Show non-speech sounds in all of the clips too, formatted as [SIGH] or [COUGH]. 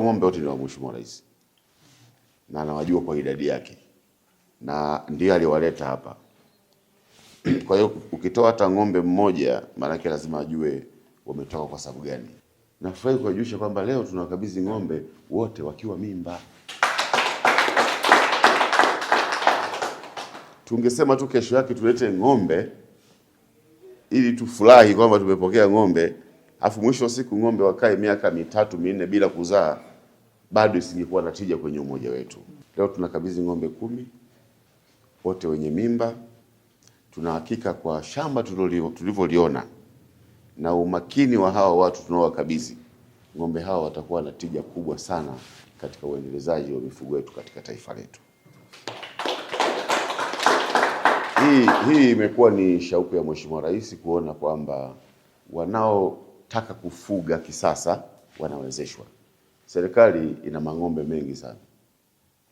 Ng'ombe wote ni wa Mheshimiwa Rais na anawajua kwa idadi yake, na ndio aliwaleta hapa. [CLEARS THROAT] Kwa hiyo ukitoa hata ng'ombe mmoja, maanake lazima ajue wametoka kwa sababu gani. Nafurahi kuwajulisha kwamba leo tunawakabidhi ng'ombe wote wakiwa mimba. Tungesema tu kesho yake tulete ng'ombe ili tufurahi kwamba tumepokea ng'ombe, afu mwisho wa siku ng'ombe wakae miaka mitatu minne bila kuzaa, bado isingekuwa na tija kwenye umoja wetu. Leo tunakabidhi ng'ombe kumi, wote wenye mimba. Tunahakika kwa shamba tulivyoliona na umakini wa hawa watu tunaowakabidhi ng'ombe hawa watakuwa na tija kubwa sana katika uendelezaji wa mifugo yetu katika taifa letu. Hii hii imekuwa ni shauku ya Mheshimiwa Rais kuona kwamba wanao wanaotaka kufuga kisasa wanawezeshwa. Serikali ina mang'ombe mengi sana,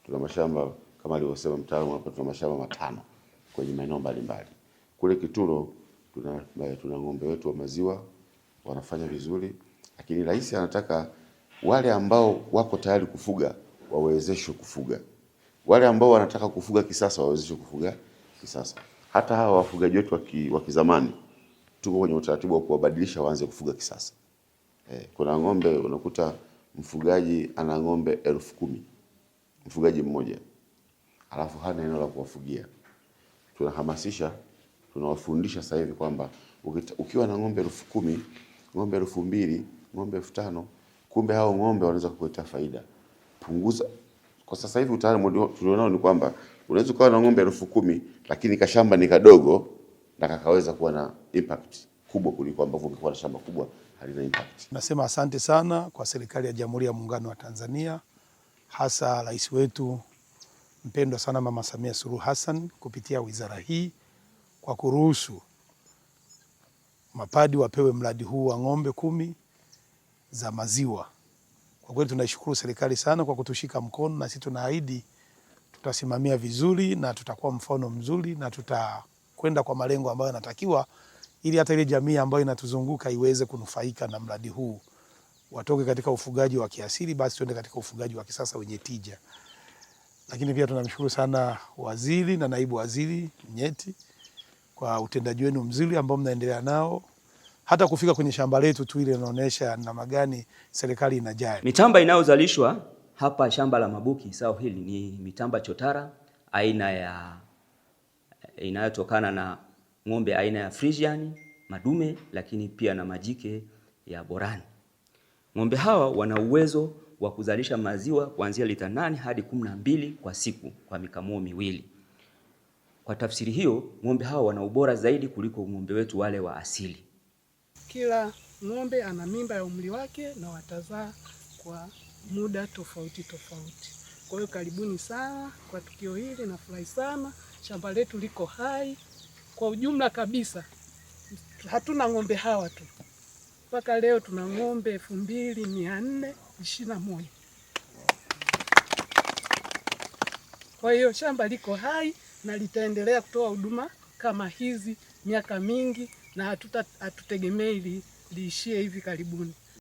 tuna mashamba kama alivyosema mtaalamu hapa, tuna mashamba matano kwenye maeneo mbalimbali. Kule Kitulo tuna, tuna ng'ombe wetu wa maziwa wanafanya vizuri, lakini rais anataka wale ambao wako tayari kufuga wawezeshwe kufuga, wale ambao wanataka kufuga kisasa wawezeshwe kufuga kisasa. Hata hawa wafugaji wetu wa kizamani tuko kwenye utaratibu wa kuwabadilisha waanze kufuga kisasa. Eh, kuna ng'ombe unakuta mfugaji ana ng'ombe elfu kumi mfugaji mmoja, alafu hana eneo la kuwafugia. Tunahamasisha, tunawafundisha sasa hivi kwamba ukiwa na ng'ombe elfu kumi ng'ombe elfu mbili ng'ombe elfu tano kumbe hao ng'ombe wanaweza kukuletea faida. Punguza kwa sasa hivi, utaalamu tulionao ni kwamba unaweza ukawa na ng'ombe elfu kumi lakini kashamba ni kadogo na kakaweza kuwa na impact kubwa kuliko ambavyo ungekuwa na shamba kubwa halina impact. Nasema asante sana kwa serikali ya Jamhuri ya Muungano wa Tanzania, hasa rais wetu mpendwa sana Mama Samia Suluhu Hassan kupitia wizara hii kwa kuruhusu mapadi wapewe mradi huu wa ng'ombe kumi za maziwa. Kwa kweli tunaishukuru serikali sana kwa kutushika mkono, na sisi tunaahidi tutasimamia vizuri na tutakuwa mfano mzuri na tuta kwenda kwa malengo ambayo yanatakiwa, ili hata ile jamii ambayo inatuzunguka iweze kunufaika na mradi huu, watoke katika ufugaji wa kiasili, basi tuende katika ufugaji wa kisasa wenye tija. Lakini pia tunamshukuru sana waziri na naibu waziri Mnyeti kwa utendaji wenu mzuri ambao mnaendelea nao hata kufika kwenye shamba letu tu ile inaonyesha namna gani serikali inajali. Mitamba inayozalishwa hapa shamba la Mabuki, sawa, hili ni mitamba chotara aina ya inayotokana na ng'ombe aina ya Friesian madume, lakini pia na majike ya Borani. Ng'ombe hawa wana uwezo wa kuzalisha maziwa kuanzia lita nane hadi kumi na mbili kwa siku kwa mikamoo miwili. Kwa tafsiri hiyo, ng'ombe hawa wana ubora zaidi kuliko ng'ombe wetu wale wa asili. Kila ng'ombe ana mimba ya umri wake na watazaa kwa muda tofauti tofauti. Kwa hiyo karibuni sana kwa tukio hili, nafurahi sana. Shamba letu liko hai kwa ujumla kabisa, hatuna ng'ombe hawa tu, mpaka leo tuna ng'ombe elfu mbili mia nne ishirini na moja. Kwa hiyo shamba liko hai na litaendelea kutoa huduma kama hizi miaka mingi, na hatuta hatutegemei liishie hivi karibuni.